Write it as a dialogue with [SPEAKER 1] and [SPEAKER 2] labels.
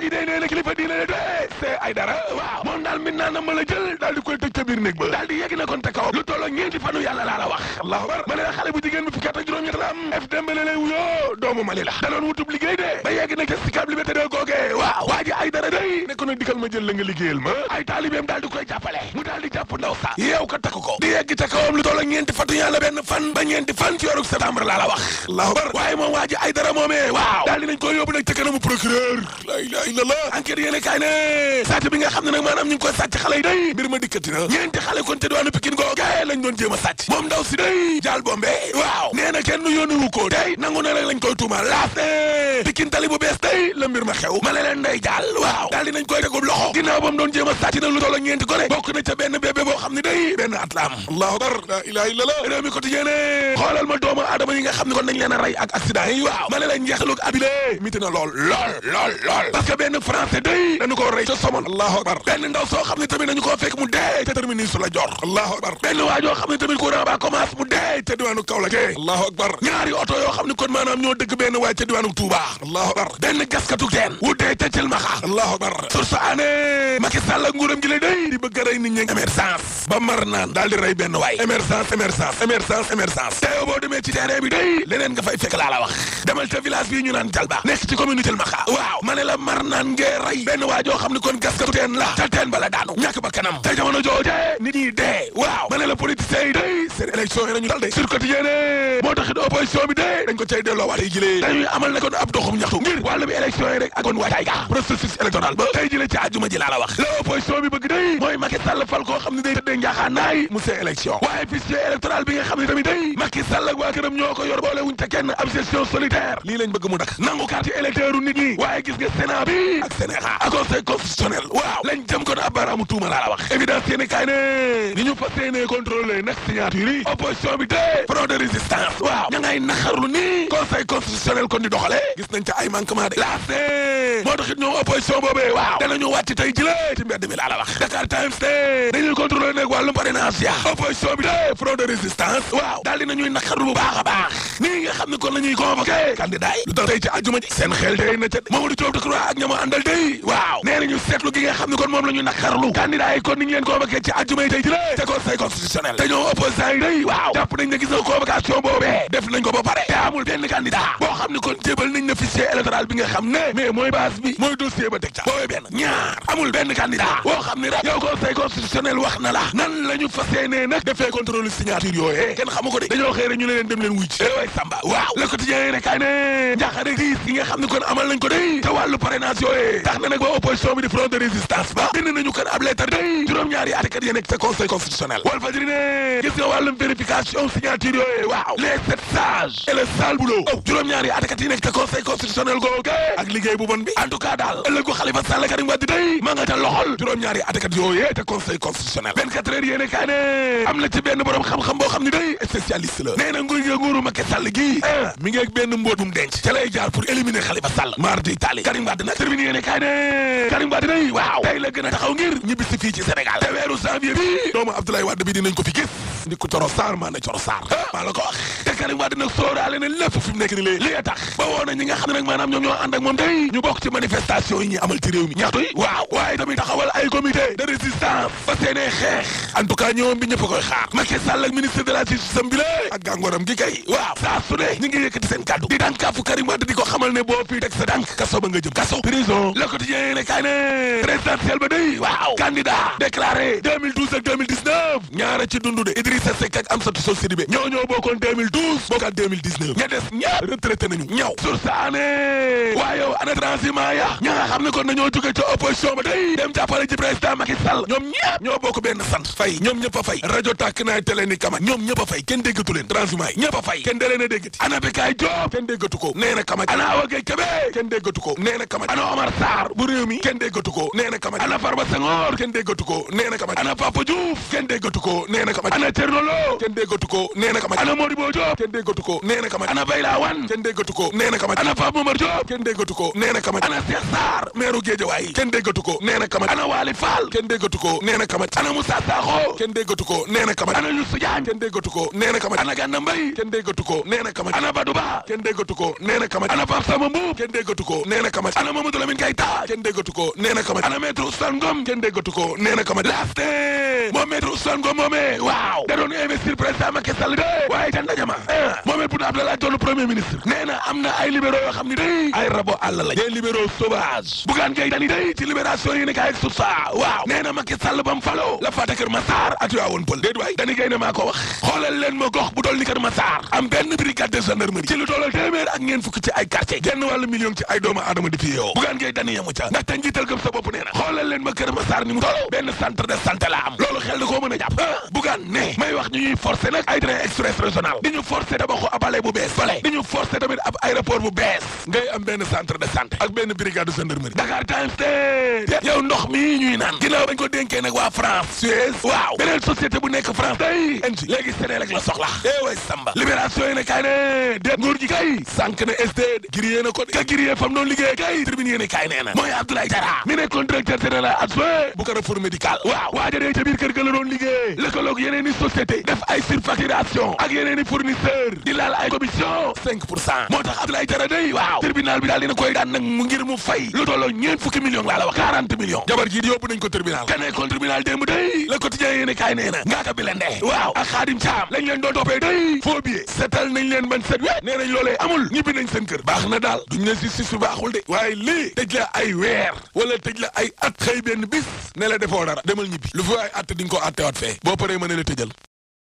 [SPEAKER 1] waa ji day nee na kilifa diine la dee c'est ay dara waaw moom daal min naa na ma la jël di koy tëj ca biir néeg ba daal di yegg na kon te lu tolloo ñeenti fanu yàlla laa la wax allahu akbar ma ne la xale bu jigéen bi fukki at ak juróom-ñett la am f dembele lay wuyoo doomu Mali la wutub liggéey de ba yegg na ca Sicap Liberté de googee waaw waa ay dara day ne ko nag dikkal ma jël la nga liggéeyal ma ay taalibeem daal di koy jàppale mu daal di jàpp ndaw sa yeew ko takk ko di yegg ca lu tolloo ñeenti fatu yàlla benn illallah enquête yéene kaay ne sàcc a bees day la mbir ma xew ma ne leen day jaal waaw daal dinañ koy tegub loxo ginnaaw ba doon jéem a sàcc lu toll ak ñeenti gone bokk na ca benn bébé boo xam ne day benn at la am allahu akbar la ilaha illallah réew mi quotidien xoolal ma doomu aadama yi nga xam ne kon dañ leen a rey ak accident yi waaw ma ne leen njeexalug abile miti na lool lool lool lool benn français day dañu koo rey ca somon allahu akbar benn ndaw soo xam ne tamit dañu koo fekk mu dee ca terminus la allahu akbar benn waa joo xam ne tamit courant ba commence mu dee ca diwaanu Kaolack allahu akbar ñaari oto yoo xam ne kon maanaam ñoo dëkk benn waay ca diwaanu Touba allahu akbar benn gaskatu teen wu dee ca Cilmaxa allahu akbar sur sa année Macky Sall nguuram gi la di bëgg a rey nit ñi émergence ba mar naan daal di rey naan ngee benn waa xam ne kon gaskatu teen la te teen bala daanu ñàkk ba kanam te jamono jooje nit ñi dee waaw ma ne la politiciens yi day seen élection nañu dal de sur moo taxit opposition bi dee dañ ko cay delloowaat tey jilee dañuy amal ne kon ab doxum ñaxtu ngir wàllu bi élection yi rek ak kon waajaay ga processus électoral ba tey jile ci àjjuma ji laa la wax la opposition bi bëgg Sall fal koo xam ne day tëddee njaaxaan naay mu see élection waaye fichier électoral bi nga xam ne tamit day Macky Sall ak waa këram ñoo ko yor boole wuñ te kenn ab solitaire lii lañ bëgg mu dak nangu carte électeur u ñi waaye gis nga bi ak Sénat ak ah, conseil constitutionnel waaw lañ jëm kon ab baraamu tuuma laa wax évidence yéen kaay ne ni ñu fas yéenee contrôlé nag signature yi bi dee front de résistance waaw ña ngay naxarlu ni conseil constitutionnel dañuy contrôler nag wàllum parrainage ya opposition bi de front de résistance waaw daal dina ñuy naqarlu bu baax a baax nii nga xam ne kon la ñuy convoqué candidat lu tax tey ci àjjuma ji seen xel day na ca Mamadou Diop Decroix ak ñama àndal day waaw nee nañu seetlu gi nga xam ne kon moom la naqarlu candidat kon ni ñu leen convoqué ci àjjuma yi tey te conseil te ñoo opposant yi day waaw jàpp nañ ne gis nga convocation boobee def nañ ko ba pare constitutionnel wax na la nan la ñu fas yéenee nag defee contrôle signature yooyee kenn xamu ko de dañoo xëy rek ñu leen dem leen wuy ci eh samba waaw le quotidien yi rekkaay ne njaaxare diis yi nga xam ne kon amal nañ ko day te wàllu parrainage yooyee tax na nag ba opposition bi di front de résistance ba bind nañu kon ab lettre day juróom-ñaari atikat yi nekk ca conseil constitutionnel wal fajri gis nga wàllum vérification signature yooyee waaw les sept sages et le sale conseil constitutionnel 24 heures yene kané amna ci ben borom xam-xam bo xamni day spécialiste la néna ngoy nguur gi nguuru Sall gi mi ngi ak ben mbotum denc ci lay jaar pour éliminer Khalifa Sall mardi tali Karim Wade na termine yene kané Karim Wade day waaw tey la gëna taxaw ngir ñibbisi fi ci Sénégal te weeru janvier bi doomu Abdoulaye Wade bi dinañ ko fi gis ni ko toro sar ma na toro sar maa la ko wax te Karim Wade nak soorale na lépp fi mu nekk ni lée li tax ba wona ñi nga xam nak manam ñom ñoo ànd ak mom day ñu bok ci manifestation yi ñi amal ci réew mi ñax yi waaw waye tamit taxawal ay comité de résistance grave fa seenee xeex en tout cas ñoom bi ñëpp koy xaar Macky Sall ak ministre de la justice am bi la ak gàngooram gi kay waaw saa su ne ñu ngi yëkkati seen kàddu di dànkaafu Karim Wade di ko xamal ne boo fii teg sa dànk kaso ba nga jëm kaso prison le quotidien yéene kaay ne présidentiel ba day waaw candidat déclaré 2012 ak 2019 ñaara ci dundu de Idrissa Seck ak Amsatou Sow Sidibé ñoo ñoo bokkoon 2012 bokkaat 2019 ña des ñaar retraité nañu ñaw sur saane waaye yow ana transhumant ya ña nga xam ne kon nañoo jóge ca opposition ba day dem jàppale ji président Macky Sall ñoom ñëpp ñoo bokk benn sant fay ñoom ñëpp a fay rajo tàkk naay télé ni kama ñoom ñëpp a fay kenn déggatu leen transhumance yi ñëpp a fay kenn da a ko nee kama ana Awa Gaye Kébé kenn déggatu ko ana Omar Sarr Senghor ana Papa Diouf kenn déggatu ko ko ana Modibo Diop kenn déggatu ko nee ko ana Pape Momar Diop kenn déggatu ko nee ko ana Wali Fall kenn déggatu ko nee na kama ana Moussa Sakho kenn déggatu ko nee na kama ana Youssou Diagne kenn déggatu ko nee na ana Gana Mbaye kenn déggatu ko nee na ana Badou Ba kenn déggatu ko nee na kama ana Pape ana Mamadou Lamine Keita kenn déggatu ko nee na kama ana Maître Ousmane Ngom kenn déggatu ko nee waaw da doon investir président Macky Sall de waaye ca ndajama moomee pour Abdoulaye Dione premier ministre nee am na ay libéraux yoo xam ne day ay rabo àll la des libéraux Macky Sall faloo la faate Kër Massar ak Tivaouane Pël déet waay dañu gay ne maa wax xoolal leen ma gox bu toll Kër Massar am benn brigade de gendarmerie ci lu tollal téeméer ak ngeen fukki ci ay quartier genn wàllu million ci ay doomu aadama di fi yeewoo bugaan ngay dañu yemu ca ndaxte njiital gëm sa bopp nee xoolal leen ma Kër Massar ni mu toll benn centre de santé la am loolu xel ko mën a jàpp bugaan ne may wax ñu ñuy forcé nag ay train express régional di ñu forcé tabaxu ab ale bu bees bale di ñu forcé tamit ab aéroport bu bees ngay am benn centre de santé ak benn brigade de Dakar Times te yow ndox mi ñuy naan ginnaaw bañ ko dénkee nag waa France Suez waaw beneen société bu nekk France day enci léegi Senelec la soxla ee eh way samba libération yi ne kaay ne nguur gi kay sànq na SDE giriyee na ko ka giriyee fam liggéey lëkkaloog yeneen i société def ay surfacturation ak yeneen i fournisseur di laal ay commission moo tax Abdoulaye Diarra day waaw tribunal bi daal dina koy daan mu ngir mu fay lu tolloo ñeent fukki millions laa la wax 40 millions jabar ji di yóbbu nañ ko tribunal ka nekkoon tribunal démb day le quotidien yéene kaay nee na ngaaka bi la ndee waaw ak xaadim caam lañ leen doon toppee day faux setal nañ leen ban set we nee nañ loolee amul ñibbi nañ seen kër baax na daal duñ ne justice bi baaxul de waaye lii tëj la ay weer wala tëj la ay at xëy benn bis ne la defoo dara demal ñibbi lu fi ay att di nga ko attewaat fee boo paree ma ne la tëjal